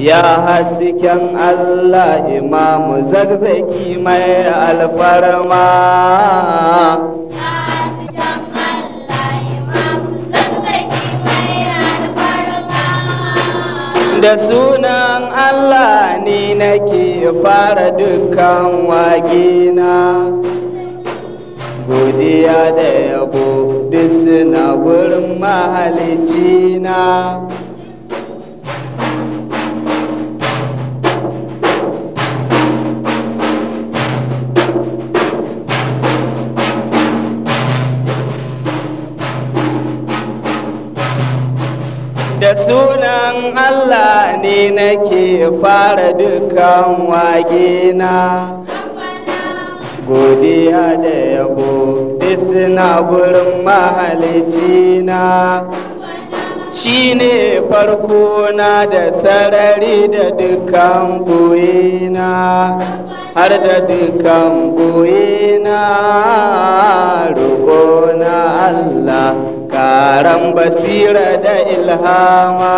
ya hasken Allah imamu zagzaki mai alfarma da sunan Allah ne nake fara dukkan wagina godiya da yabo duk suna gurin mahalicina. na da sunan Allah ne nake fara dukan wagina godiya da yabo suna gurin mahalicina shi ne farko na da sarari da dukan na har da dukan boyena roƙo na Allah karan basira da ilhama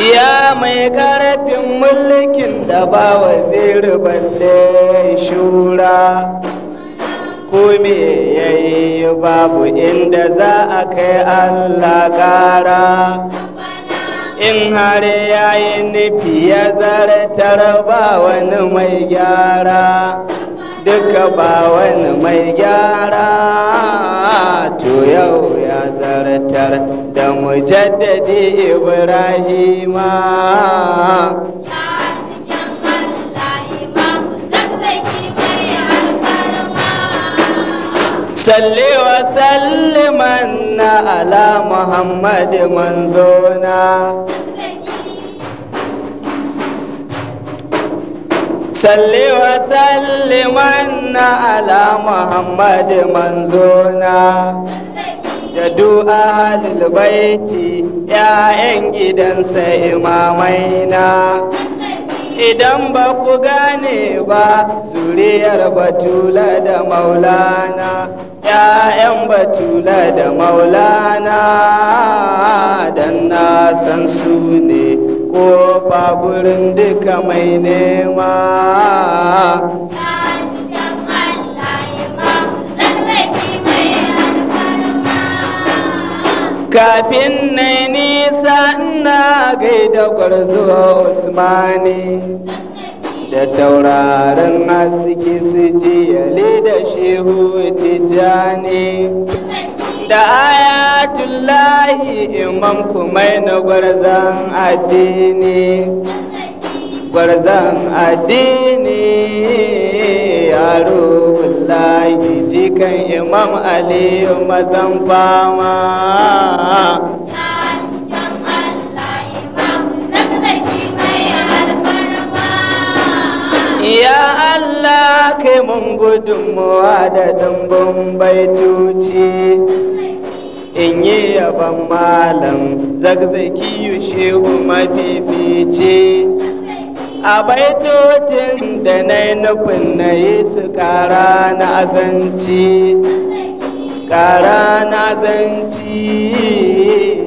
ya mai karfin mulkin da ba waziri balle shura ko me yayi babu inda za a kai allah gara in har yayi nufi ya zartar ba wani mai gyara duka ba wani mai gyara to yau ya zartar da mujaddadi ibrahima salli wa salliman na ala muhammad manzona salli wa salliman na ala muhammad manzona da du'a halil baiti ‘ya'yan gidansa imamaina idan ba ku gane ba zuriyar batula da maulana ‘ya'yan batula da maulana dan na san su ne ko faburin duka mai nema kafin na nisa ina gaida gwarzo usmani da taurarin haske su jiyali da shehu tijjani da ayatullahi imam kumai na gwarzan addini gwarzan addini yaro wallahi jikan imam aliyu mazan fama ya Allah kai mun gudunmuwa da dumbin baituci in yi yaban malam zagzaki shehu mafifici a baitocin da na yi nufin na yi su kara na azanci kara na azanci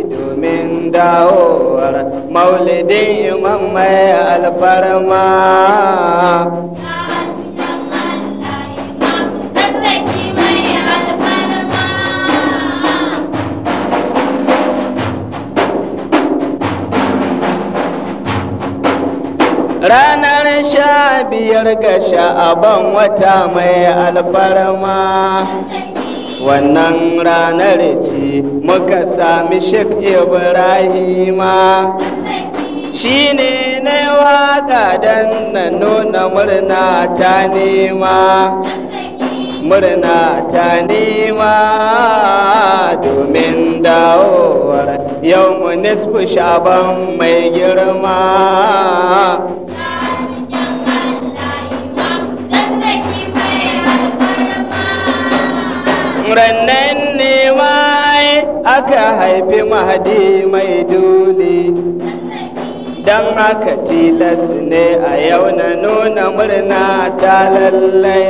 domin dawowar maulidin imam mai alfarma ranar sha biyar ga sha'aban wata mai alfarma wannan ranar ce muka sami shek ibrahima shi ne na yi waka don na nuna murna ta nema murna ta nema domin dawowar yau mu nisfu shaban mai girma furannan ne mai aka haifi mahadi mai dole don aka tilas ne a yau na nuna murna ta lallai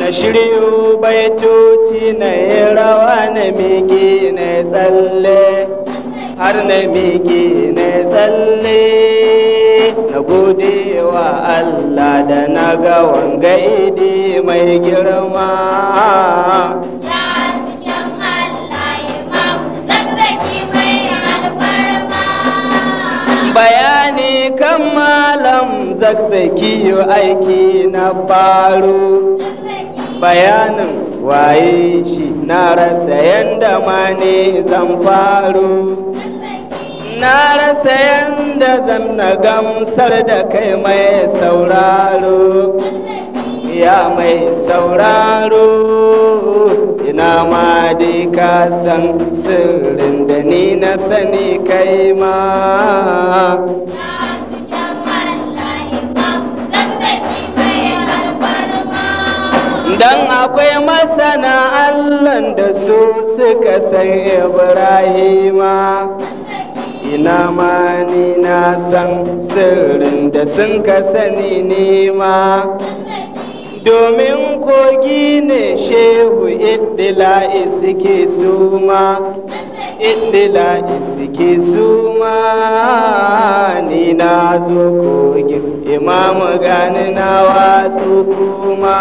na shiryu baitoci na yi rawa na miki na tsalle har na miki na tsalle na gode wa Allah da na ga wanga mai girma bayani kan malam zakzaki aiki na faru bayanin waye shi na rasa yadda ma ne zan faru na rasa yanda zan na gamsar da kai mai sauraro ya mai sauraro ina ma dai ka san sirrin da ni na sani kai ma dan akwai masana allan da su suka san ibrahima na ma ni na san sirrin da sun ka sani ma, domin kogi ne shehu iddila'i suke suma iddila'i suke suma ni na zo kogin imamu na wasu kuma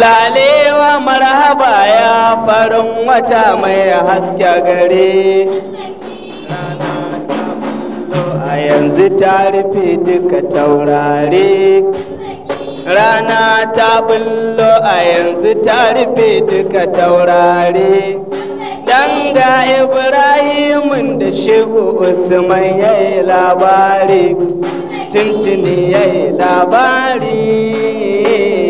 lalewa marhaba ya farin wata mai haske gare a yanzu ta rufe duka taurare rana ta bullo a yanzu ta rufe duka taurare dan ga ibrahimun da shehu usman ya yi labari tuntuni ya yi labari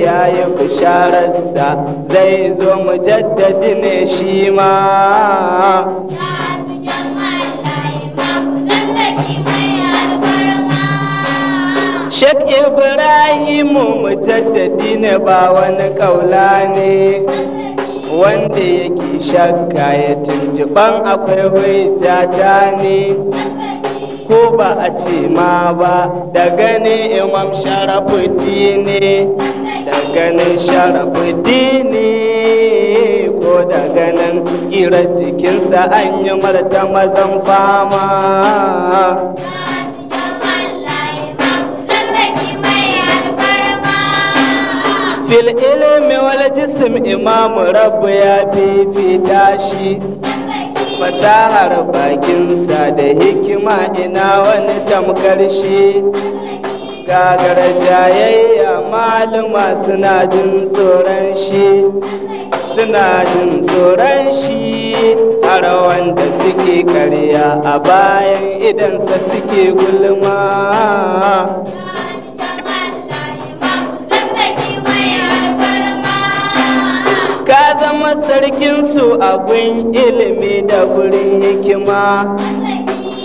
ya yi bishararsa zai zo mu jaddadi ne shi ma Shek Ibrahimu mujaddadi ne ba wani kaula ne wanda yake shakka ya tuntuban akwai hujja ta ne ko ba a ce ma ba da ne imam sharafuddin ne da ganin sharafudini ko da ganin kira cikinsa an yi marta mazan fama fil ilimi wal jism imamu rabu ya fifita shi fasahar bakinsa da hikima ina wani tamkar shi gagar jayayya maluma suna jin tsoron shi suna jin tsoron shi a rawan da suke karya a bayan idansa suke gulma ka zama sarkinsu a gun ilimi da gurin hikima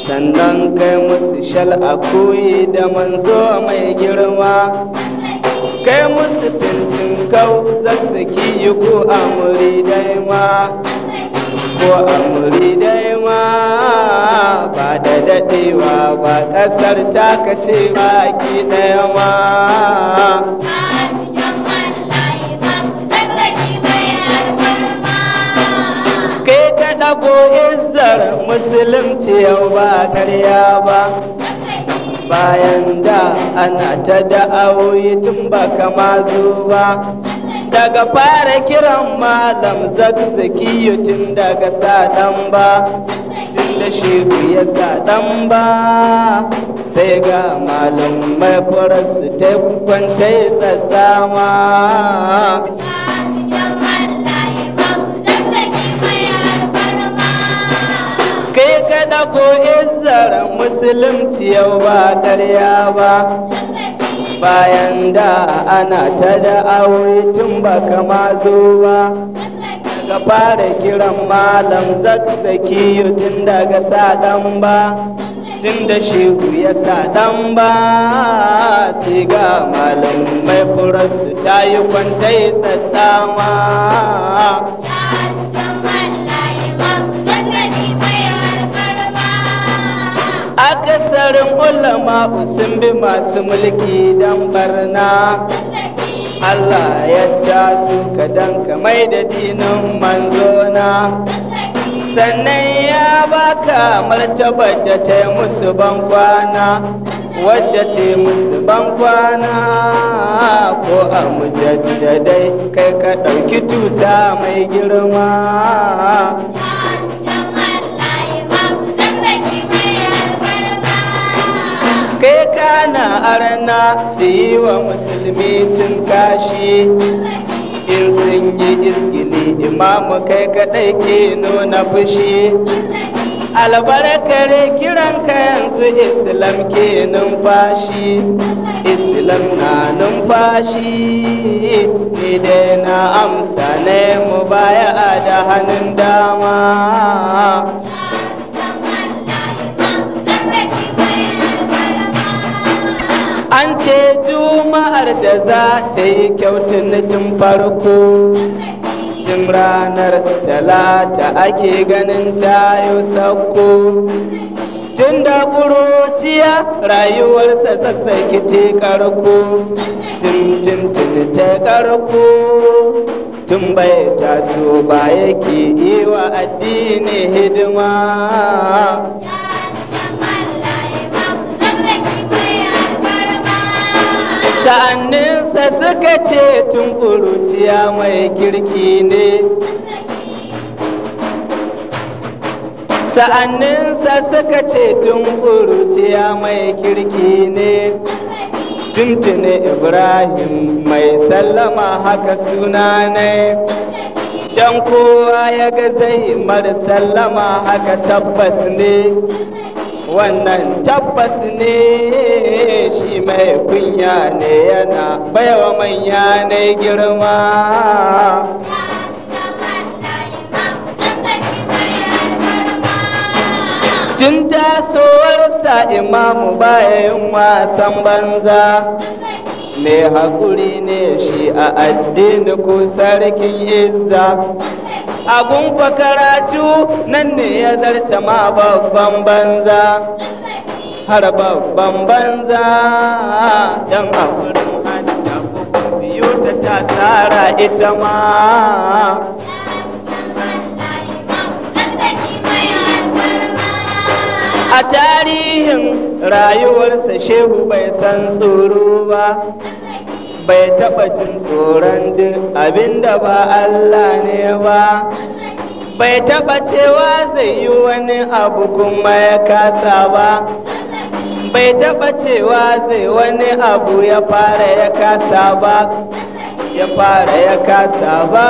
sannan kai musu shal'a koyi da manzo mai girma kai musu fintin kau yi ko amuri dai ma ko amuri dai ma ba da dadewa ba kasar ta kace baki daya ma kai ta izzar musulunci yau ba karya ba bayan da ana ta da'awoyi tun ba kama ba daga fara kiran malam zakzaki tun daga saɗan ba tun da shehu ya saɗan ba sai ga malam mai su ta kwanta tsatsama ko izzar musulunci yau ba ƙarya ba bayan da ana ta da aure tun ba kama zo ba daga fara kiran malam zakzaki tun daga saɗan ba tun da shehu ya saɗan ba sai ga malam mai furarsu ta yi kwantai tsatsama garin ulama sun bi masu mulki don barna Allah ya ja su kadan kamai da dinin manzona sannan ya baka martabar da ta yi musu bankwana wadda ta musu bankwana ko a mujaddadai kai ka ɗauki tuta mai girma kai kana arna su yi wa musulmi cin kashi in sun yi izgili imamu kai kadai ke nuna fushi albarkar kiranka yanzu islam ke numfashi islam na numfashi ni dai na amsa ne mu baya da hannun dama ce juma'ar da za ta yi kyautun tun farko tun ranar talata ake ganin yi sauko tun da buruciya rayuwarsa zazzaki ta karko tun tun tun ta karko tun bai taso ba yake yi wa addini hidima sha'aninsa suka ce tun ƙuruciya mai kirki ne sa'anninsa suka ce tun ƙuruciya mai kirki ne tuntune ibrahim mai sallama haka suna ne dan kowa ya ga zai mar sallama haka tabbas ne wannan tabbas ne shi mai kunya ne yana baiwa manya ne girma tun tasowarsa imamu bayan wasan banza mai haƙuri ne shi a addini ko sarkin izza a gunfa karatu nan ne ya zarce ma babban banza har babban banza yan hakurin halitta ko biyu ta tasara ita ma a tarihin rayuwarsa shehu bai san tsoro ba bai taba jin tsoron duk abinda ba Allah ne ba bai taɓa cewa zai yi wani abu kuma ya kasa ba bai taɓa cewa zai wani abu ya fara ya kasa ba ya fara ya kasa ba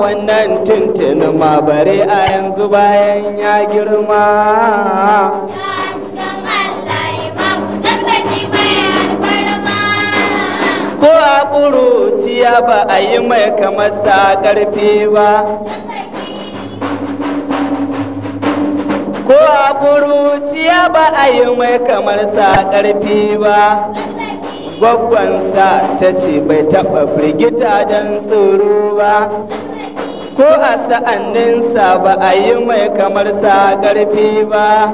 wannan tuntun ma bare a yanzu bayan ya girma ko a ƙuruciya ba a yi mai kamar sa ƙarfi ba ko a ƙuruciya ba a yi mai kamar sa ƙarfi ba gwaggwansa ta ce bai taɓa firgita don tsoro ba ko a sa'anninsa ba a yi mai kamar sa ƙarfi ba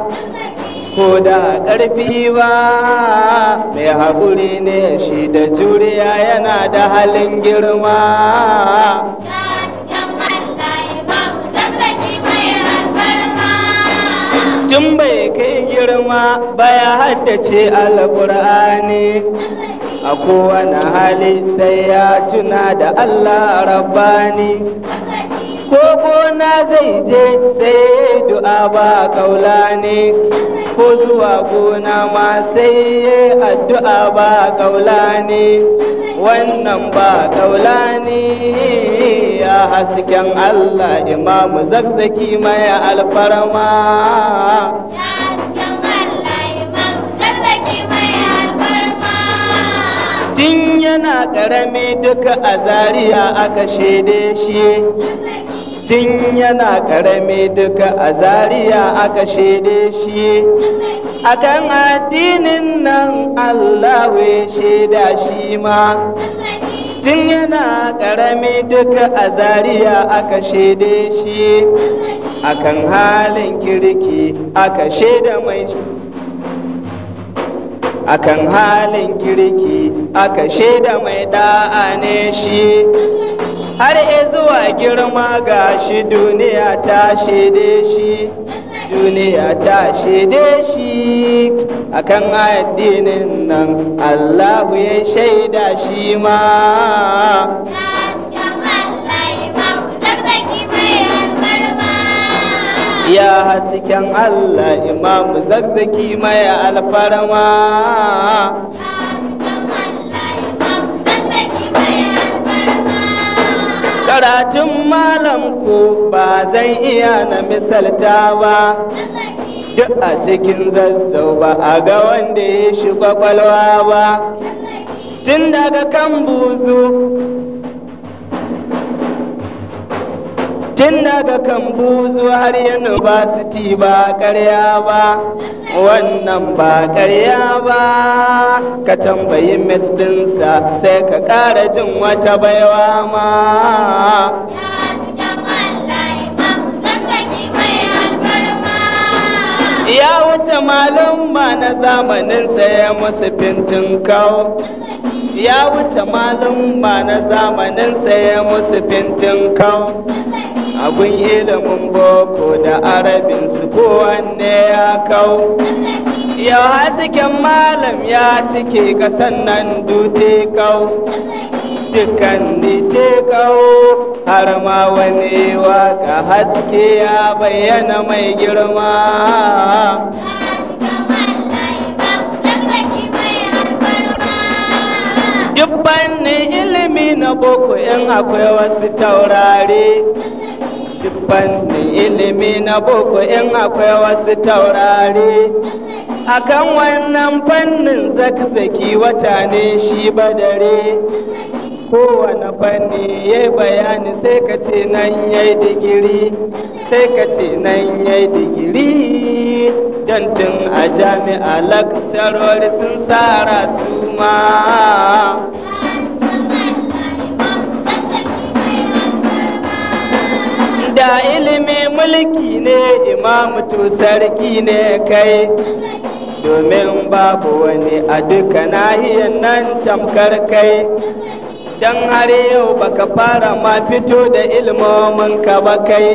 ko da ƙarfi ba mai haƙuri ne shi da juriya yana da halin girma tun bai kai girma baya haddace alƙur'ani a kowane hali sai ya tuna da allah rabbani ko gona zai je sai du'a ba kaula ne ko zuwa gona ma sai ya addu'a ba kaulani wannan ba kaulani ya hasken Allah imamu zakzaki mai alfarma Tun yana ƙarami duka a zariya aka shaide shi. tun yana karami duka a zariya aka shaide shi akan addinin nan allahu ya shaida shi ma tun yana ƙarami duka a zariya aka shaide shi akan halin kirki aka shaida mai akan halin kirki aka shaida mai da'a ne shi har zuwa girma ga shi duniya ta shaide shi duniya ta shaide shi akan addinin nan allahu ya shaida shi ma ya hasken allah imamu zakzaki mai alfarma karatun malam ku ba zan iya na misalta ba duk a cikin zazzau ba a ga wanda ya shi kwakwalwa ba tun daga kan buzu tun daga kambuzu har yanu ba karya ba wannan ba karya ba ka tambayi met ɗinsa sai ka ƙara jin wata baiwa ma ya wuce malum ma na zamanin ya musu fintin kawo ya wuce malum ma na zamanin ya musu fintin kawo abun ilimin boko da arabin su kowanne ya kau yau hasken malam ya cike kasan nan dute kau dukkan te kau har ma wani waka haske ya bayyana mai girma dubban ilimi na boko in akwai wasu taurari fannin ilimi na boko in akwai wasu taurari akan wannan fannin zakzaki wata ne shi badare kowane fanni ya yi bayani sai ka ce nan ya yi digiri sai ka ce nan ya yi digiri don tun a jami'a lakcarori sun tsara su ma da ilimi mulki ne imamtu sarki ne kai domin babu wani a duka nahiyar nan tamkar kai don har yau baka fara ma fito da ilmomin ka ba kai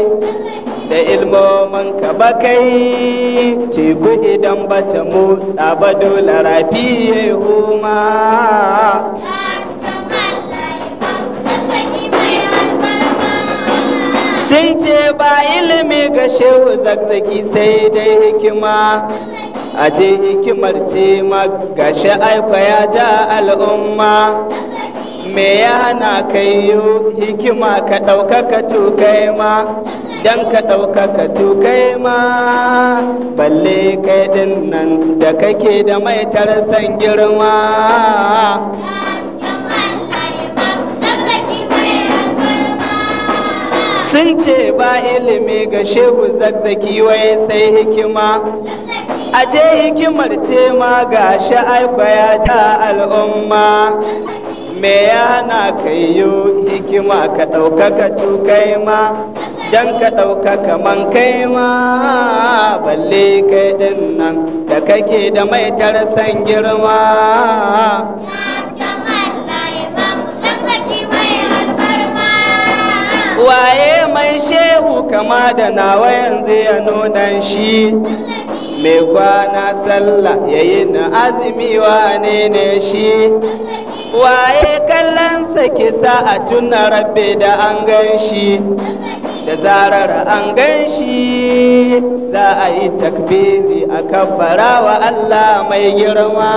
da ilmomin ka ba kai teku idan bata motsa ba dole rafi ya huma sun ce ba ilimi ga shehu zagzagi sai dai hikima a ji hikimar ce gashi aiko ya ja al'umma me ya hana kai yi hikima ka ɗaukaka tukai ma don ka ɗaukaka tukai ma balle kai ɗin nan da kake da mai tarasan girma sun ce ba ilimi ga shehu zakzaki wai sai hikima a je hikimar ce ma ga sha'aikwaya ta al'umma me yana yi hikima ka ɗaukaka tukai ma don ka ɗaukaka man kai ma balle kai ɗin nan da kake da mai tarasan girma waye mai shehu kama da nawa yanzu ya nunan shi mai kwana sallah ya yi na azumi wane ne shi waye kallonsa kisa a tuna rabbe da an gan shi da zarar an gan shi za a yi takbiri a kabbara wa allah mai girma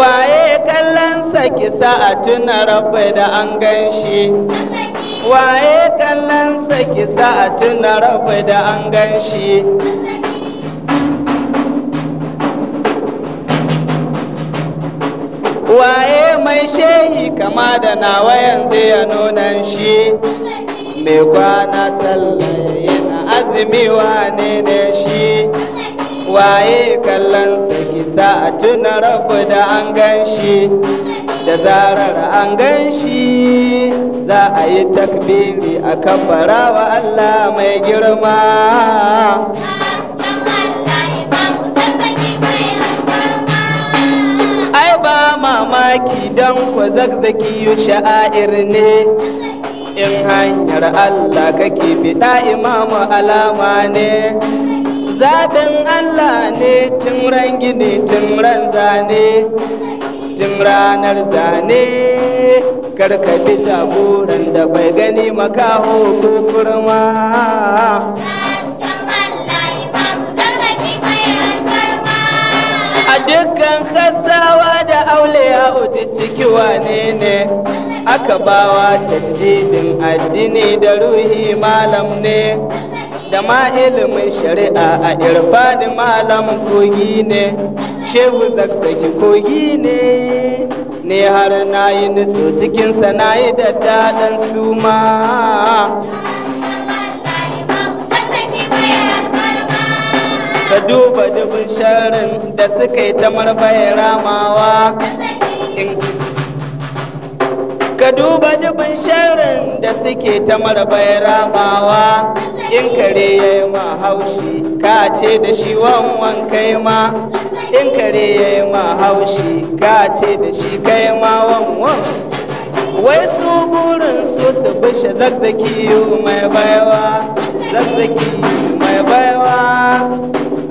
waye kallon saki a tuna rabbai da an gan shi waye saki tuna rabbai da an gan waye mai shehi kama da nawa yanzu ya nuna shi mai kwana sallah yana azumi wane ne shi waye kallon sa kisa a tuna rabu da an ganshi da zarar an ganshi za a yi takbiri a kafara wa Allah mai girma. mamaki don ku zagzaki yi sha'air ne in hanyar Allah kake fiɗa imamu alama ne. Zaben Allah ne tun ran gini tun ran zane tun ranar zane karkabi jagoran da bai gani makaho ko kurma a dukkan kasawa da a udu ciki wane ne aka bawa tajdidin addini da ruhi malam ne da ma ilimin shari'a a irfani malam kogi ne shehu zaksaki kogi ne ne har na yi niso cikin na yi da daɗin suma ka duba dubin sharin da suka yi ta bayan ramawa ka duba dubin sharin da suke ta marabai ramawa in kare ya yi ma haushi ka ce da shi wanwan kai ma in kare ya yi ma haushi ka ce da shi kai ma wanwan wai su burin su su bushe zazzaki mai baiwa zazzaki mai baiwa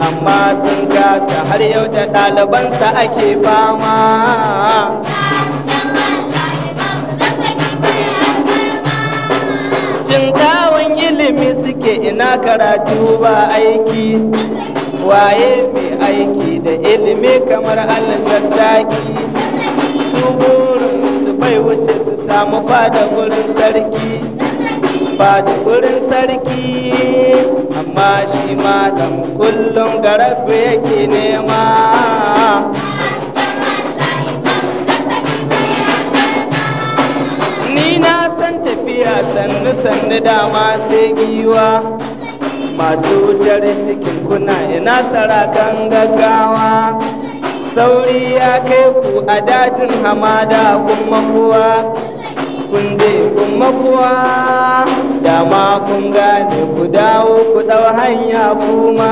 amma sun kasa har yau da ɗalibansa ake fama Cinkawan ilimi suke ina karatu ba aiki waye mai aiki da ilimi kamar alzazzaki su burin su bai wuce su samu fada gurin sarki fada gurin sarki amma shi ma dan kullum garabe yake nema tafiya sannu sannu dama sai giwa masu wutar cikin kuna ina sarakan gaggawa sauri ya kai ku a dajin hamada kun makuwa kun je kun makuwa dama kun gane ku dawo ku ɗau hanya kuma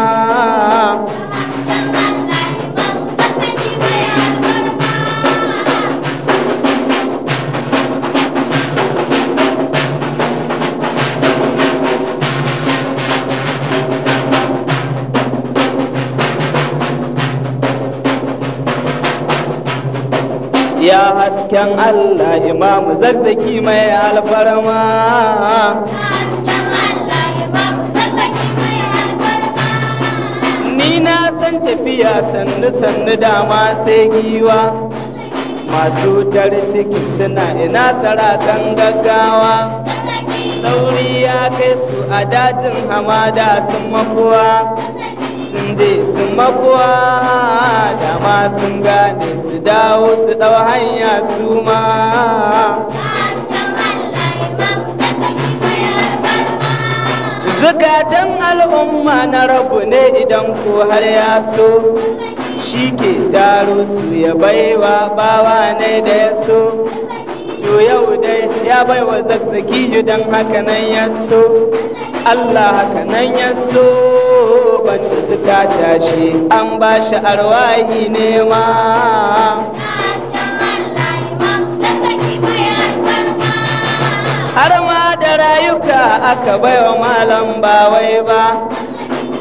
ya hasken Allah imamu zazzaki mai alfarma ni na san tafiya sannu sannu dama sai giwa masu tare ciki suna ina saratan gaggawa sauri ya kai su a dajin hamada sun makuwa sun je sun makuwa dama sun gane su dawo su dau hanya su ma zukatan al'umma na rabu ne idan ko har ya so shi ke taro su ya baiwa bawa ne da ya so to yau dai ya baiwa zazzaki idan haka nan ya so allah haka nan ya so ban su ta tashi an ba shi arwahi nema har ma da rayuka aka baiwa malam ba wai ba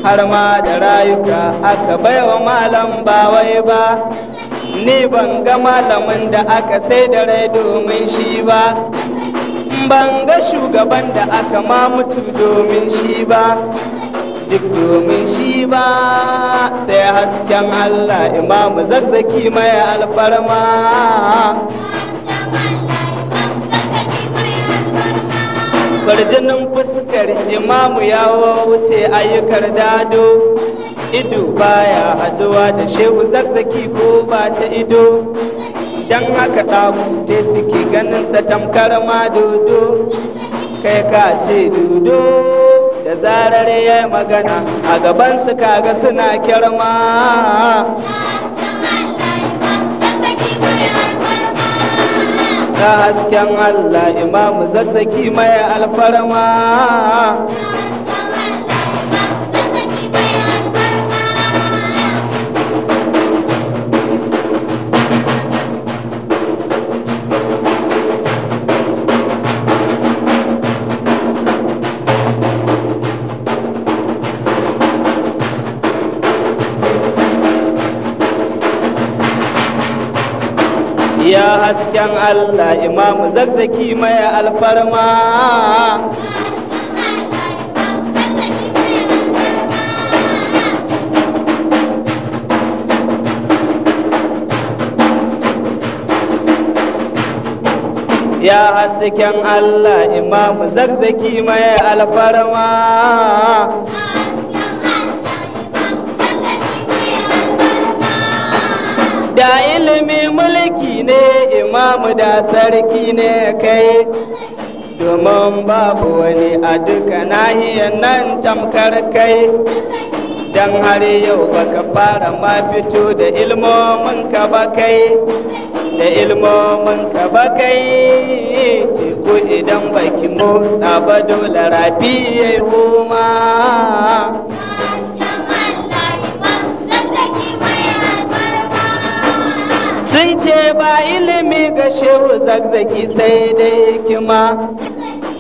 har ma da rayuka aka baiwa malam ba wai ba ni ban ga malamin da aka sai da rai domin shi ba ban ga shugaban da aka ma mutu domin shi ba duk domin shi ba sai hasken Allah imamu zazzaki mai alfarma farjinin fuskar imamu ya wuce ayyukar dado ido baya haduwa da shehu zazzaki ko ba ta ido don haka ɗakute suke ganin sa tamkar ma dodo kai ka ce dodo da zarar ya magana a gaban su kaga suna kirma ta hasken Allah imamu zazzaki mai alfarma ya hasken Allah imamu zagzaki mai alfarma ya hasken Allah imamu zagzaki mai alfarma da ilimi mulki ne imamu da sarki ne kai domin babu wani a duka nahiyar nan tamkar kai don har yau baka fara ma fito da ilmomin ka ba kai da ilmomin ka ba kai teku idan baki motsa ba dole rafi ya yi sun ce ba ilimi ga shehu zagzagi sai dai hikima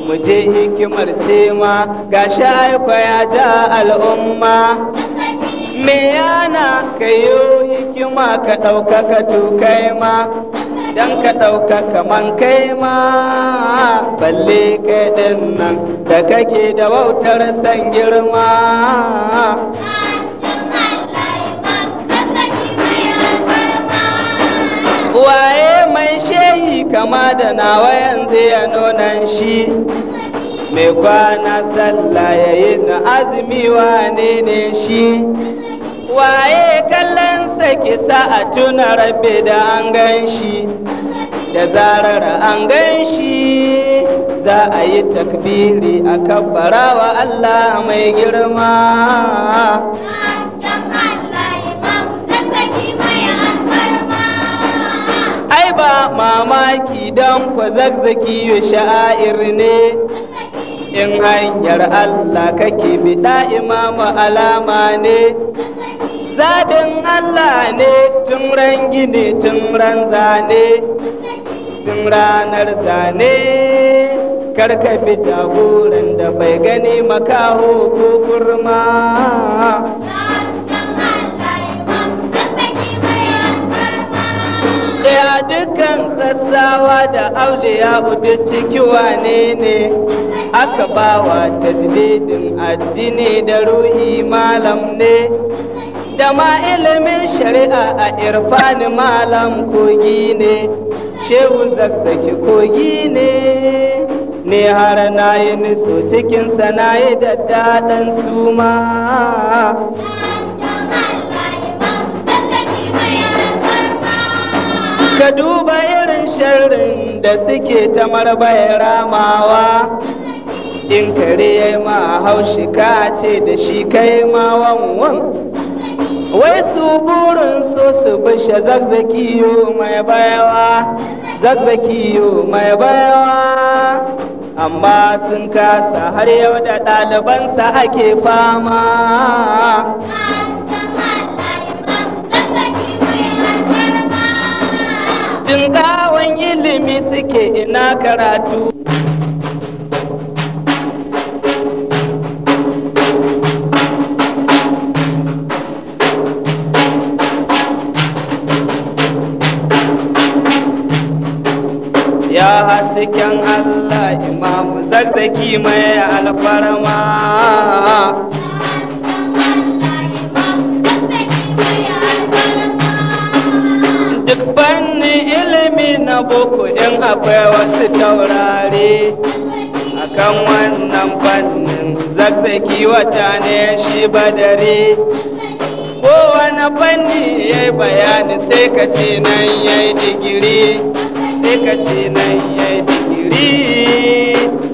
mu je hikimar ce ma ga sha'aiko ya ja al'umma me yana ka yi hikima ka ɗaukaka tukai ma dan ka ɗaukaka man kai ma balle kai ɗin nan da kake da wautar san girma waye mai shehi kama da nawa yanzu ya nunan shi mai kwana sallah ya yi na azumi wane ne shi waye kallon sake sa a tuna rabbe da an gan shi da zarar an gan shi za a yi takbiri a kabbara wa Allah mai girma ai ba mamaki don kwa zagzaki ya sha'air ne in hanyar Allah kake biɗa imamu alama ne zaɗin Allah ne tun ran gini tun ran zane tun ranar zane karkafi jagoran da bai gani makaho ko kurma Dukan sassawa da auliya udu ciki wane ne aka bawa tajdidin addini da ruhi malam ne da ma ilimin shari'a a irfani malam kogi ne shehu zakzaki kogi ne ne har na yi miso cikinsa na da daɗin suma ka duba irin sharrin da suke ta marbaya ramawa in kare ya ma haushi ka ce da shi kai ma wanwan wai su burin so su bishe zagzakiyo mai bayawa zagzakiyo mai bayawa amma sun kasa har yau da ɗalibansa ake fama Cingawan ilimi suke ina karatu. Ya hasken Allah imamu zazzaki mai alfarma. na boko in akwai wasu taurari kan wannan fannin zakzaki wata ne shi badari kowane fanni ya yi bayani sai ka ce nan ya yi digiri sai ka ce nan ya yi digiri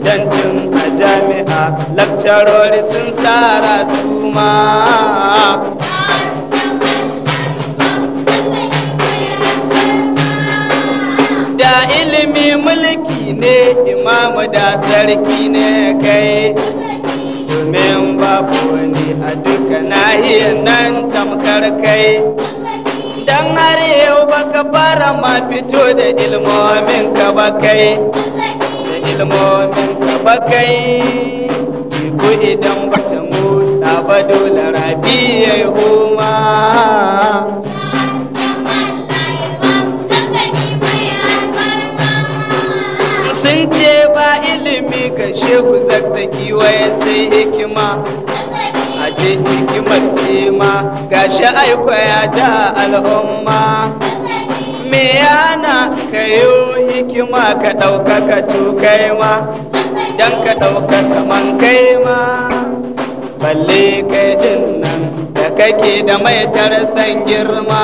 don tun a jami'a lakcarori sun tsara su ma ilimi mulki ne imamu da sarki ne kai domin babu wani a duka nahiyar nan tamkar kai dan har yau baka fara ma fito da ilmomin ka ba kai da ilmomin ka ba kai ko idan bata motsa ba dole rabi ya yi huma sun ce ba ilimi ga shehu zakzaki ya sai hikima a ce hikimar ce ma gashi aiko ya ja al'umma me yana kayo hikima ka ɗaukaka tukai ma don ka ɗaukaka man kai ma balle kai din nan da kake da mai tarasan girma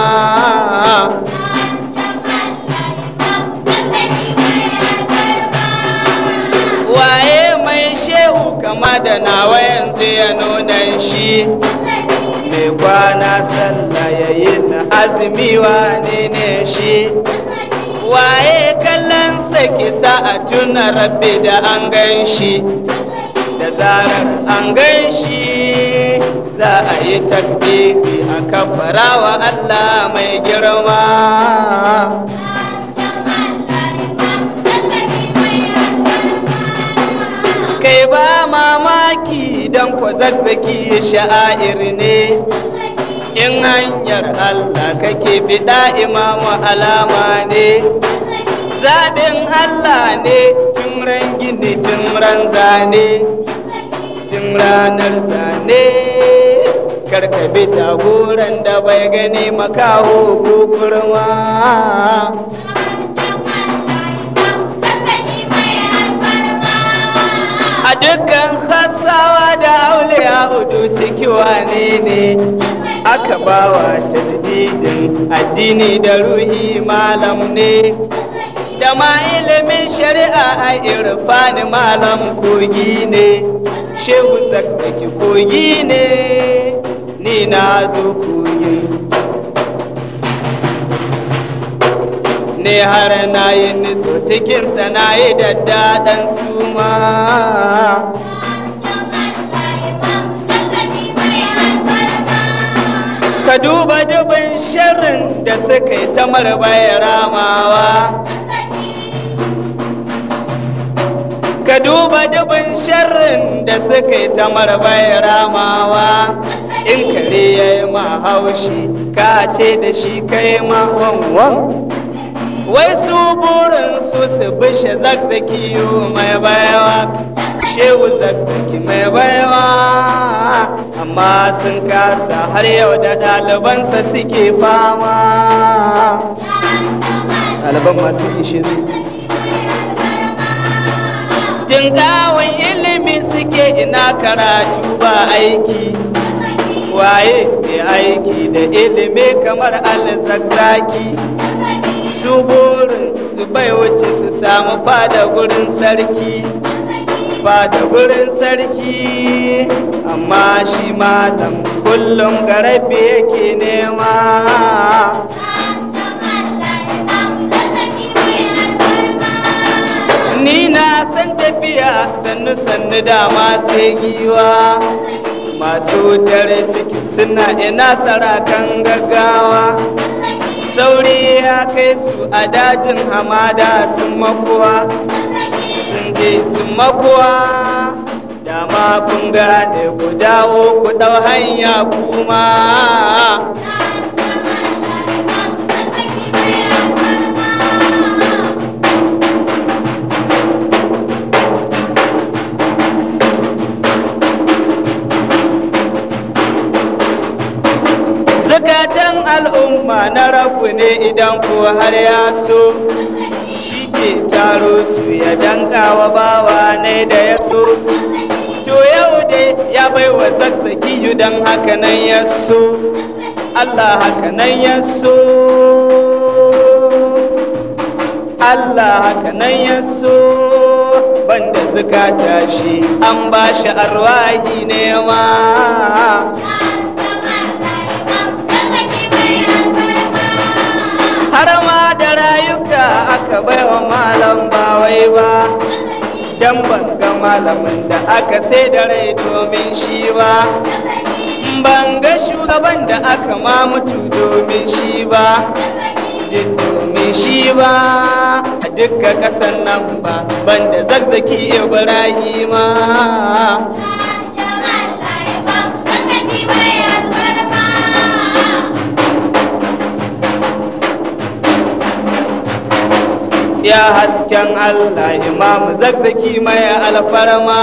kama da nawa yanzu ya nuna shi mai kwana sallah ya yi na azumi wane ne shi waye kallonsa kisa a tuna rabbi da an gan shi da zarar an gan shi za a yi takbiri a wa allah mai girma kai ba mamaki don ku zazzaki sha'air ne in hanyar Allah kake fi imamu alama ne zaɓin Allah ne tun ran gini tun ran zane tun ranar zane karkabe jagoran da bai gani makaho ko dukkan hasawa da auliya hudu ciki wane ne aka bawa ta jididin addini da ruhi malam ne da ma ilimin shari'a a irfani malam kogi ne shehu saksaki kogi ne ni na zo koyin ne har na yi nitso cikinsa na yi daddaɗan suma ka duba dubin sharrin da suka yi ta marbaya ramawa ka duba dubin sharrin da suka yi ta marbaya ramawa in kare ya yi ma haushi ka ce da shi yi ma wanwan wai su burin su su bishe zakzaki mai bayawa shehu zakzaki mai bayawa amma sun kasa har yau da ɗalibansa suke fama ɗaliban masu ishe su jin ilimi suke ina karatu ba aiki waye ke aiki da ilimi kamar alzakzaki su su bai wuce su samu fada gurin sarki fada gurin sarki amma shi matan kullum garabe yake nema ni na san tafiya sannu sannu dama sai giwa masu tare ciki suna ina sarakan gaggawa sauri ya kai su a dajin hamada sun makuwa sun je sun makuwa dama kun gane ku dawo ku ɗau hanya kuma zakatan al'umma na rabu ne idan ko har ya so shi ke taro su ya dankawa bawa ne da ya so to yau dai ya bai wa zazzaki don haka nan ya so allah haka nan ya so allah haka nan ya so banda zukata shi an ba shi arwahi ne ma har ma da rayuka aka baiwa malam ba wai ba dan ban ga malamin da aka sai da rai domin shi ba ban ga shugaban da aka ma mutu domin shi ba duk domin shi ba a dukkan ƙasar nan ba ban da zazzaki ibrahima ya hasken Allah imam zakzaki mai alfarma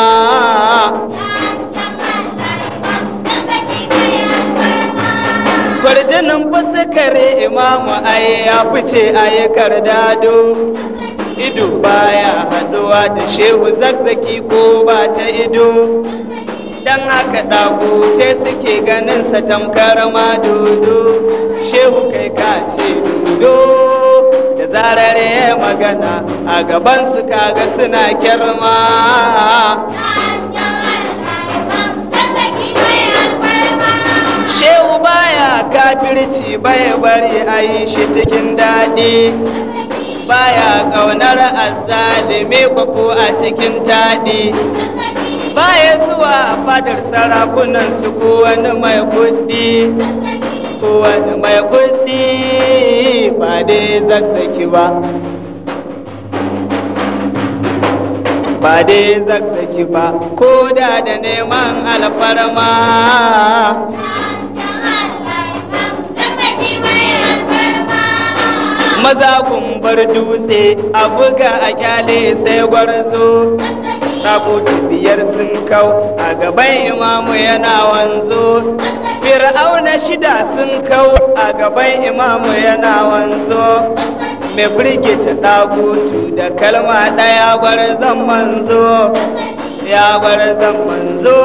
farjinin fasakare imamu ai ya fice ayyukar dado ido baya haduwa da shehu zakzaki ko ba ta ido dan haka te suke ganin sa tamkar ma dodo shehu kai ka ce dodo da magana a gaban su kaga suna kirma shehu baya kafirci baya bari a yi shi cikin daɗi baya ƙaunar azzalime ko a cikin taɗi baya zuwa fadar sarakunan su ko wani mai kuɗi wani mai kuɗi ba dai saki ba ba dai saki ba ko da da neman alfarma maza kun bar dutse a buga a kyale sai gwarzo ɗaguci biyar sun kau a gaban imamu yana wanzo fir'auna shida sun kau a gaban imamu yana wanzo mai birgita ɗagutu da kalma ɗaya bar zan manzo ya bar zan manzo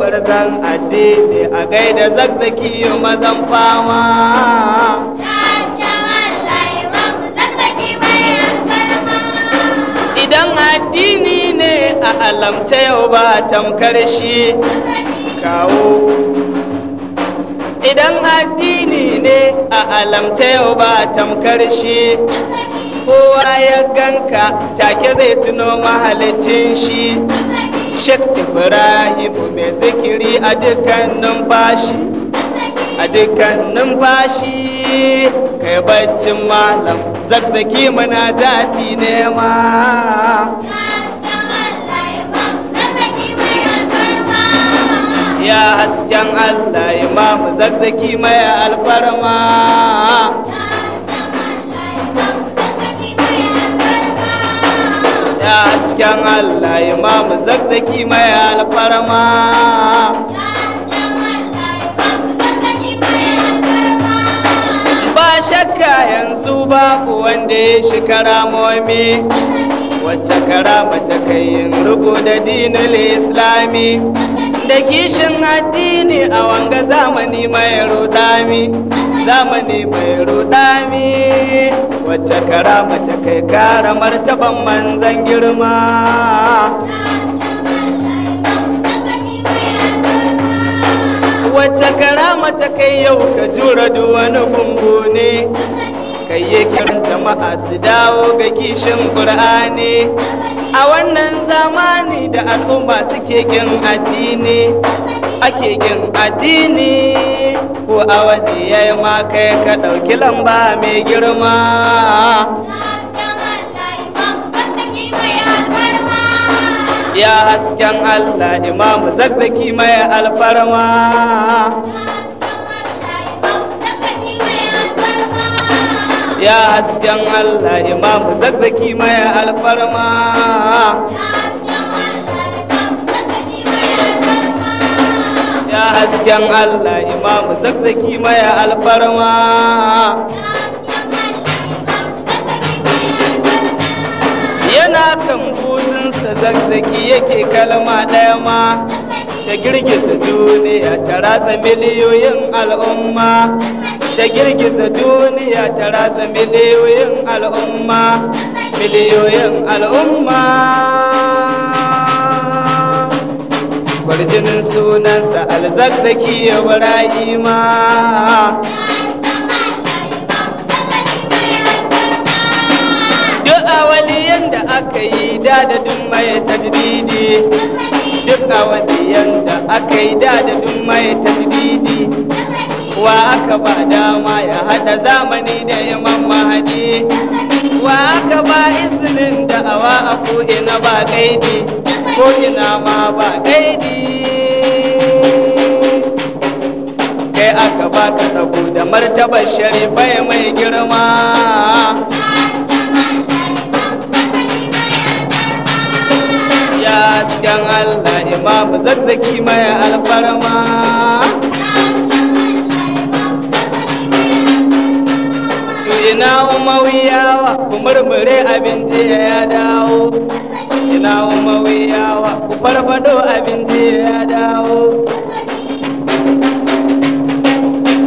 bar zan addini a gaida zakzaki mazan fama alamta yau ba tamkar shi kawo idan addini ne a alamta yau ba tamkar shi kowa ya ganka take zai tuno mahalicin shi shek Ibrahim mai zikiri a dukkanin numfashi a dukkanin bashi kai baccin malam zakzaki mana jati ne ma. ya hasken Allah imamu zazzaki mai alfarma ya hasken Allah imamu zazzaki mai alfarma ba shakka yanzu babu wanda ya shi karamomi wacce karama ta kai yin rugu da dinul islami da kishin addini a wanga zamani mai rudami zamani mai rudami wacce kara mace kai kara martaban manzan girma wacce kara mace kai yau ka jura duwani kumbu kai kiran jama'a su dawo ga kishin ƙur'ani a wannan zamani da al'umma suke kin addini ake kin addini ko a wani ya ma kai ka ɗauki lamba mai girma ya hasken Allah imamu zazzaki mai alfarma ya hasken Allah imam zakzaki mai alfarma ya hasken Allah imam zakzaki mai alfarma yana kan sa zakzaki yake kalma ɗaya ma ta girgiza duniya ta ratsa miliyoyin al'umma ta girgiza duniya ta ratsa miliyoyin al'umma miliyoyin al'umma gwarjinin sunansa alzakzaki ya ibrahima duk a wani yadda aka yi da da duk mai tajdidi duk a wani da aka yi da da duk mai tajdidi wa aka ba dama ya hada zamani da imam mahadi wa aka ba izinin da awa a ko'ina ba kaidi ko'ina ma ba kaidi kai aka ba ka tabo da martabar sharifai mai girma ya asken allah imamu zazzaki mai alfarma ina umawiyawa ku murmure abinci ya dawo ina umawiyawa ku farfado abinci ya dawo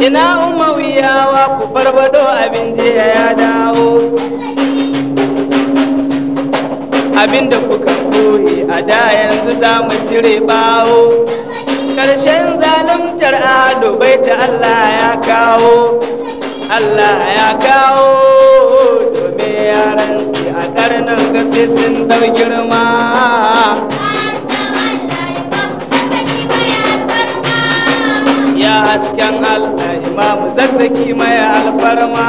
ina umawiyawa ku farfado abinci ya dawo abinda kuka koyi a da yanzu za mu cire bawo karshen zalimtar ado bai ta Allah ya kawo Allah ya kawo domin yaran su a karnin gasi sun dau girma ya hasken Allah imamu zazzaki mai alfarma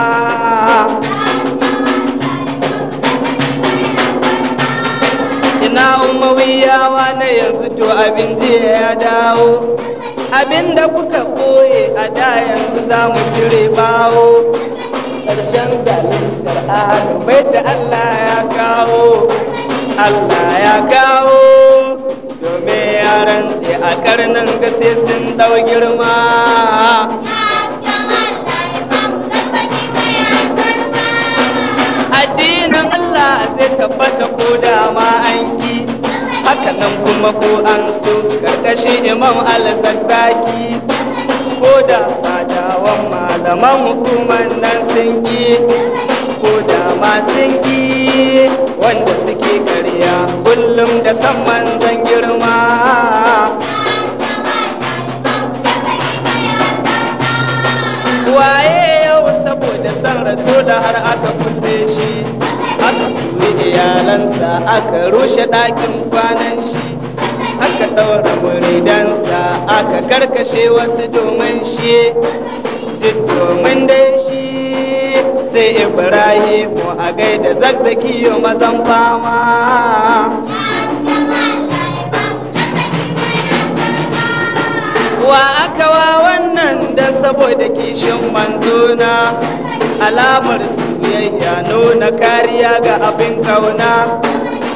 ina umawiyawa na yanzu to abin jiya ya dawo abinda kuka koye a da yanzu za mu cire bawo ƙarshen zalintar ahalin baita Allah ya kawo Allah ya kawo domin yaran sai a karnin gase sun dau girma addinin Allah zai tabbata ko da ma an haka nan kuma ko an so karkashi imam al-zazzaki ko da fadawan malaman hukumar nan sun ki ko da ma sun ki wanda suke karya kullum da saman zan girma waye yau saboda san rasu da har aka iyalansa aka rushe ɗakin kwanan shi aka ɗaura muridansa aka karkashe wasu domin shi duk domin da shi sai ibrahimu a gaida zagzaki yo mazan fama wa aka wa wannan da saboda kishin manzona alamar su biyayya nuna kariya ga abin kauna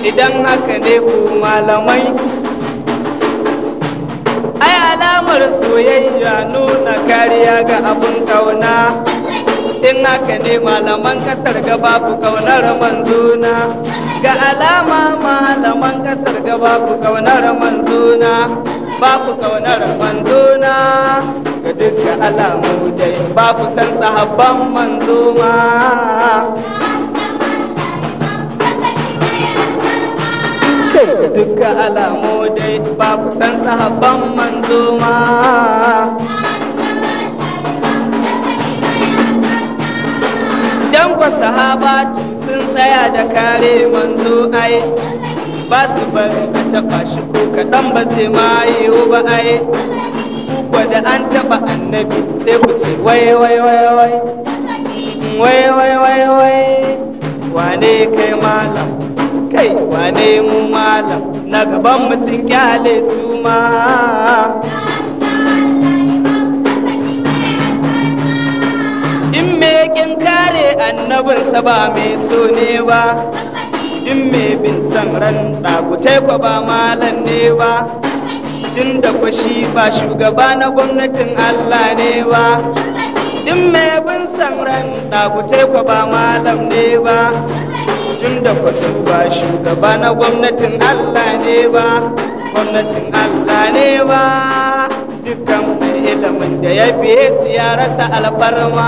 idan haka ne ku malamai ai alamar soyayya nuna kariya ga abin kauna in haka ne malaman kasar ga babu kaunar manzuna ga alama malaman kasar ga babu kaunar manzuna babu kaunar manzuna da duka alamu dai ba ku san sahabban manzo ma kai da duka alamu dai ba ku san sahabban manzo ma dan sahaba sun tsaya da kare manzo ai ba su bari a taɓa shi ko kaɗan ba zai ma yiwu ba ai da an taɓa annabi sai ku ce wai wai wai wai wai wai wai wai wane kai malam kai wane mu malam na gaban mu sun kyale su ma in me kin kare annabinsa ba mai so ne ba in me bin san ran ɗagutai ba malam ne ba tun da kwashi ba shugaba na gwamnatin Allah ne ba duk mai bin san ran ɗakutai kwa ba malam ne ba tun da kwasu ba shugaba na gwamnatin Allah ne ba gwamnatin Allah ne ba dukkan mai ilimin da ya fiye su ya rasa alfarma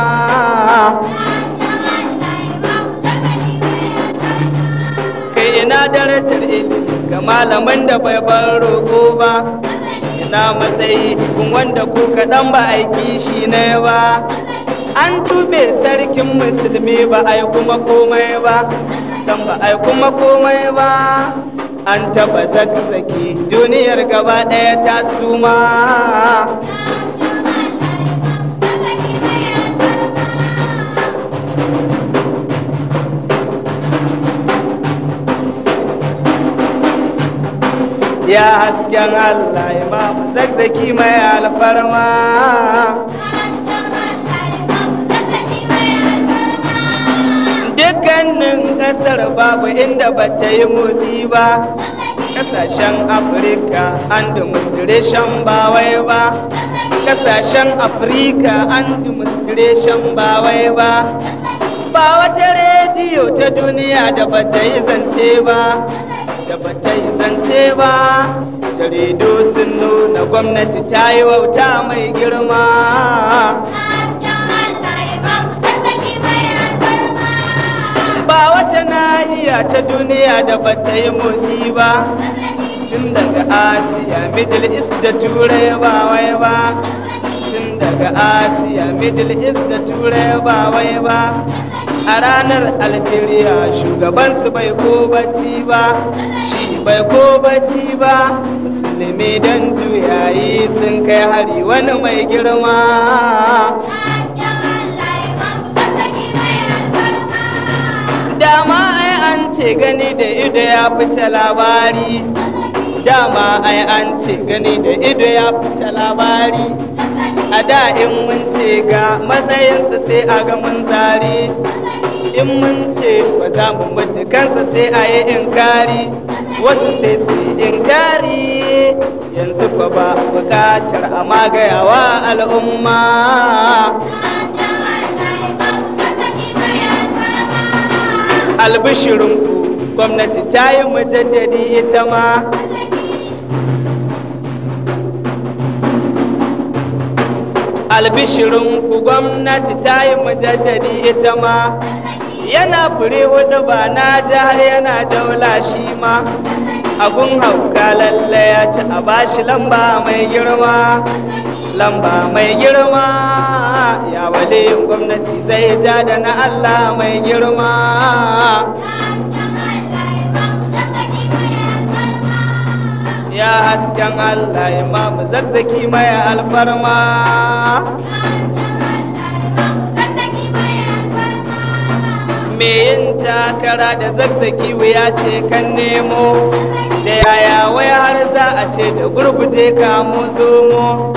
ina darajar ilimi ga malaman da bai bar roƙo ba ina matsayi kun wanda ko kaɗan ba aiki shi ne ba an tube sarkin musulmi ba ai kuma komai ba san ba ai kuma komai ba an taba zaki duniyar gaba ɗaya ta suma ya hasken Allah ya mu zakzaki mai alfarma dukkanin kasar babu inda ba ta yi motsi ba kasashen afirka an demonstration ba wai ba kasashen afirka an demonstration ba wai ba ba wata rediyo ta duniya da ba ta yi zance ba da ba ta yi zance ba jaridu sun nuna gwamnati ta yi wauta mai girma ba wata nahiya ta duniya da ba ta yi motsi ba tun daga asiya middle east da turai ba wai ba tun daga asiya middle east da turai ba wai ba a ranar algeria shugabansu bai ko bacci ba shi bai ko bacci ba musulmi don juyayi sun kai hari wani mai girma dama ai an ce gani da ido ya fice labari dama ai an ce gani da ido ya fita labari a da in mun ce ga matsayinsa sai a ga mun zari. in mun ce ba za mu mutu kansa sai a yi inkari wasu sai su kari yanzu ba ba bukatar a magayawa al'umma albishirinku gwamnati ta yi mujaddadi ita ma albishirin ku gwamnati ta yi mujaddadi ita ma yana fure hudu ba na jihar yana jaula shi ma agun hauka lalle ya ci a bashi lamba mai girma lamba mai girma ya wale gwamnati zai ja da na allah mai girma ya hasken Allah imam zakzaki mai alfarma me yin takara da zakzaki wuya ce kan nemo da yaya wai har za a ce da gurguje ka zo zomo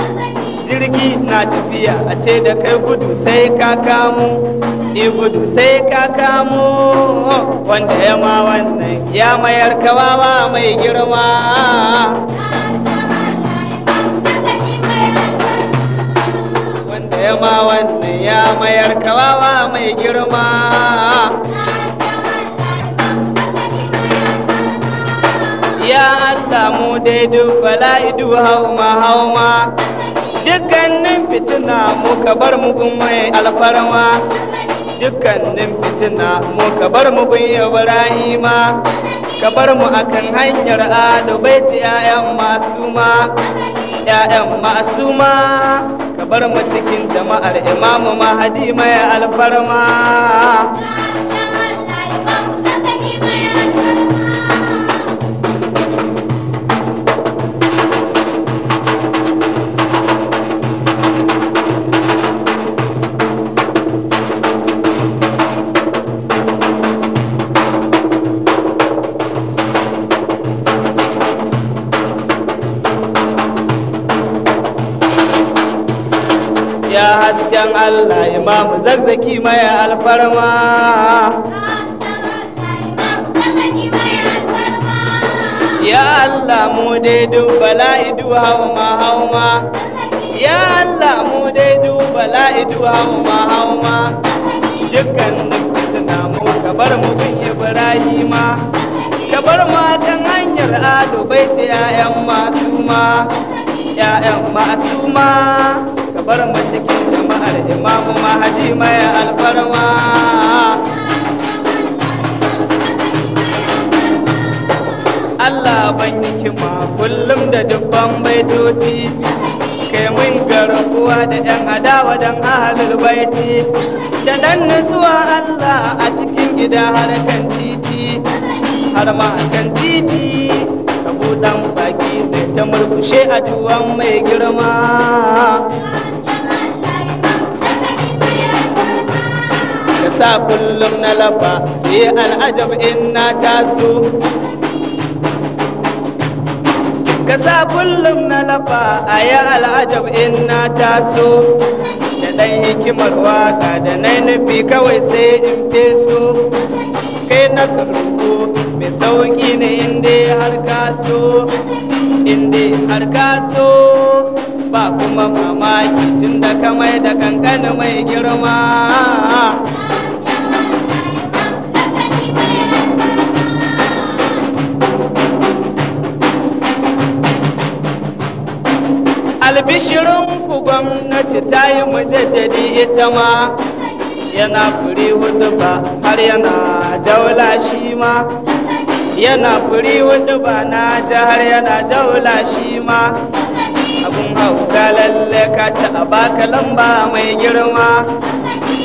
jirgi na tafiya a ce da kai gudu sai ka kamu. Ni gudu sai ka kamo wanda ya ma wannan ya mayar kawawa mai girma wanda ya ma wannan ya mayar kawawa mai girma ya Allah mu bala'idu hauma hauma dukkanin fitina ka bar mugun mai alfarma dukkanin fitina mu ka bar mu bin ibrahima ka bar mu akan hanyar alubaiti 'ya'yan masuma 'ya'yan masuma ka bar mu cikin jama'ar imamu mahadi mai alfarma hasken Allah imam zazzaki mai alfarma ya Allah mu dai duk bala'i du hauma hauma ya Allah mu dai duk bala'i du hauma hauma dukkan fitina mu ka bar mu bin Ibrahima ka bar mu kan hanyar ado bai ta 'ya'yan masu ma 'ya'yan masu ma bar cikin jama'ar imamu mahadi mai alfarma Allah ban yi kima kullum da dubban baitoti kai mun garkuwa da yan adawa dan ahalul baiti da dan nutsuwa Allah a cikin gida har kan titi har ma kan titi ka budan baki mai ta murkushe a duwan mai girma sa kullum na lafa sai al'ajab in na taso ka sa kullum na lafa a yi al'ajab in na taso da ɗan hikimar waka da na nufi kawai sai in feso kai na karuko mai sauƙi ne inda har kaso inda har kaso ba kuma mamaki tun da kamai da kankani mai girma ku gwamnati ta yi mujaddadi ita ma yana furi ba har yana jaula shi ma yana furi hudu ba na ji har yana jaula shi ma abun hauka lalle ka ci a baka lamba mai girma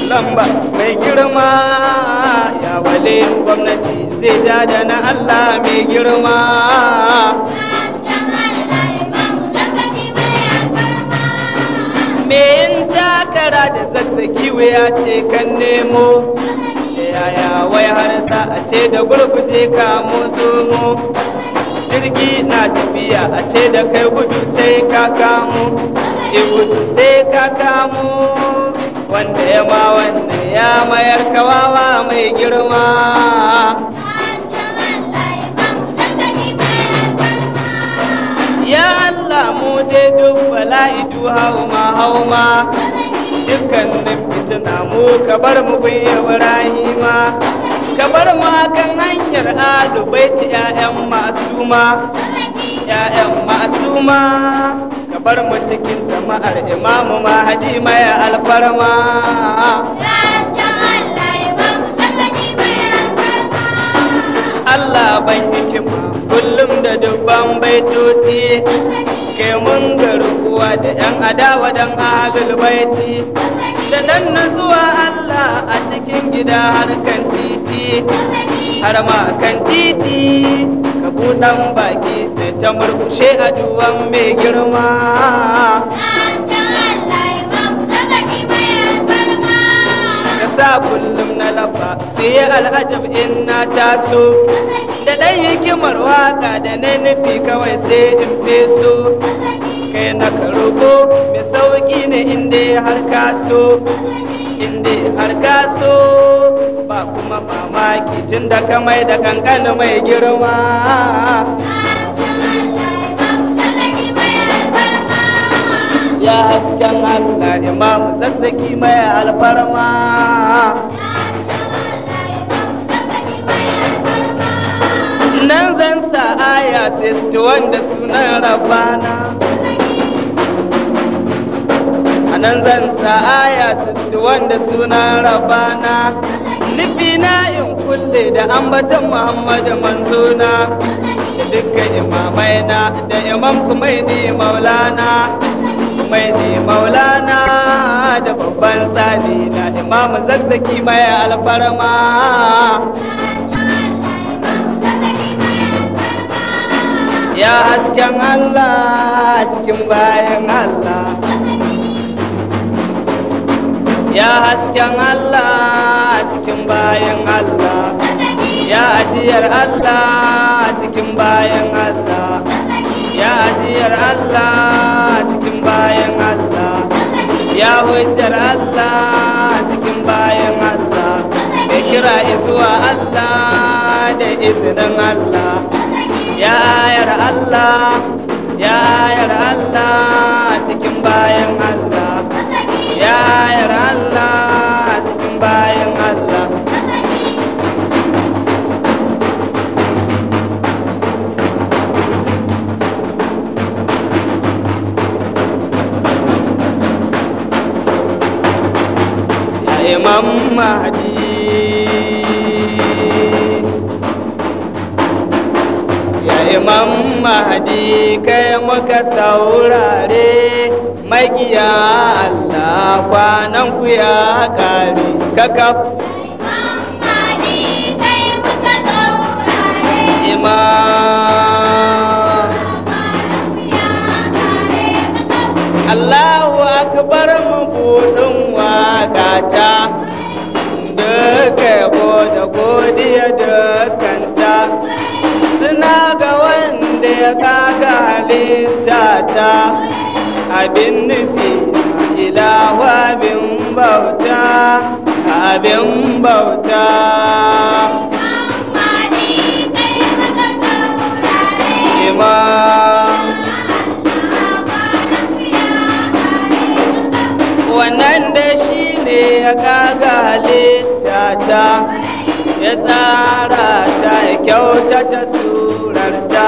lamba mai girma ya wale gwamnati zai ja da na allah mai girma yin takara da zazzaki wuya ce kan nemo yaya wai har sa a ce da gurguje ka musu mu jirgi na tafiya a ce da kai gudu sai ka kamu, e gudu sai ka kamu. wanda ya ma wanda ya mayar kawawa mai girma Allah mu dai duk bala'i du hauma hauma dukkanin fitina mu ka bar mu bin Ibrahima ka bar mu akan hanyar alu baiti ƴaƴan masuma ƴaƴan masuma ka bar mu cikin jama'ar imamu mahadi mai alfarma Allah ban hikima kullum da dubban baitoti. ke mun garkuwa da yan adawa dan ahlul baiti da nan na zuwa Allah a cikin gida har kan titi har ma kan titi ka buɗan baki da ta murkushe a duwan mai girma sa kullum na lafa sai al'ajab in na taso da ɗan hikimar waka da na nufi kawai sai in feso kai na karoko mai sauƙi ne inda har so inda har so ba kuma mamaki tun da mai da kankanu mai girma ya hasken Allah imamu zazzaki mai alfarma nan zan sa aya 61 wanda sunan rabana a nan zan sa aya 61 wanda sunan rabana nufina yin kulle da ambaton muhammadu manzona da dukkan imamai na da imam kumai ne maulana kumai ne maulana da babban tsani na imam zazzaki mai alfarma ya hasken Allah cikin bayan Allah ya hasken Allah cikin bayan Allah ya ajiyar Allah cikin bayan Allah ya ajiyar Allah cikin bayan Allah ya hujjar Allah cikin bayan Allah ya kira izuwa Allah da izinin Allah ya yar Allah ya yar Allah cikin bayan Allah ya yar Allah cikin bayan Allah Imam Mahdi imam mahdi kai muka saurare magiya Allah kwanan ku ya kare kakaf Allahu akbar mu budin wakata duka da godiya da da kaga halitta abin nufi ilawa abin bauta abin bauta wannan da shi ne ya kaga halitta ya tsara ta ya ta surarta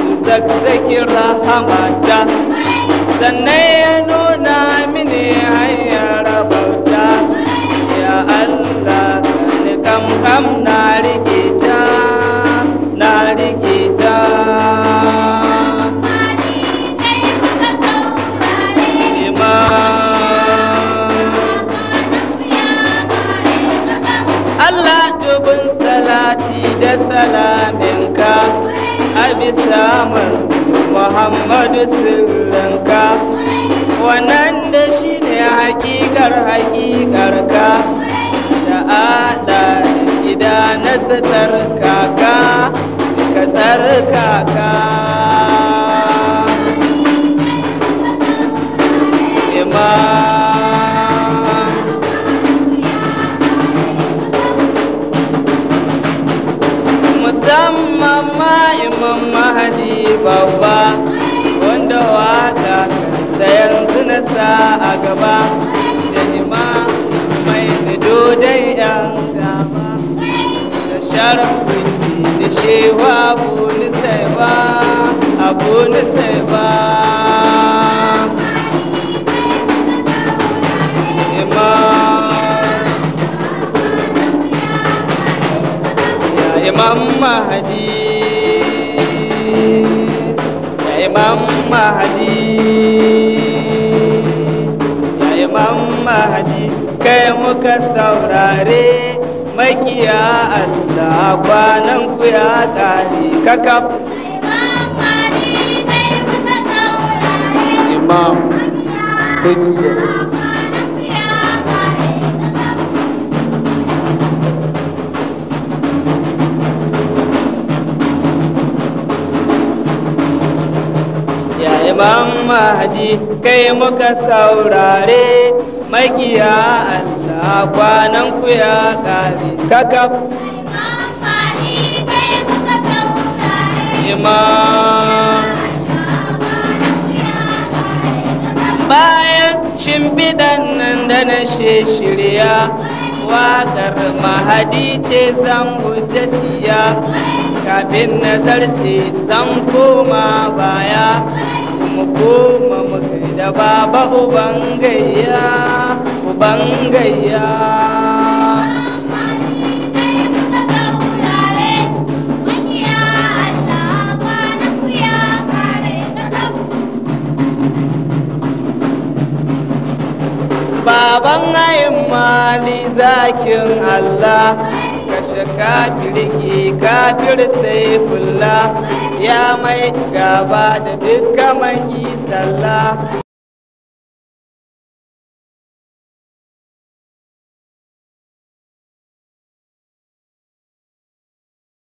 saksakin rahamata sannan ya nuna mini hanyar bauta ya Allah ni kam kam na rikita na rikita Allah dubin salati da salamin bisa muhammadu sirrinka wannan da shi ne hakikar hakikarka da ala gida na sassar kaka imam babba wanda waka sayan na sa a gaba da ima mai nido dai yan dama da sharar kundi da shewa abu nisai ba abu nisai ba mahadi Imam Mahdi ya Imam Mahdi kai muka saurare makiya Allah kwanan ku ya kare kaka Imam Mahdi kai muka saurare Imam mahadi kai muka saurare makiya Allah kwanan ku ya kare kaka bayan shimfiɗan nan da na shirya waƙar mahadi ce zan hujjatiya kafin nazarci zan koma baya mu koma mu da baba ubangayya ubangayya Baban ayin mali zakin Allah, kashe kafir kafir sai fulla. ya mai gaba da dukkan yi sallah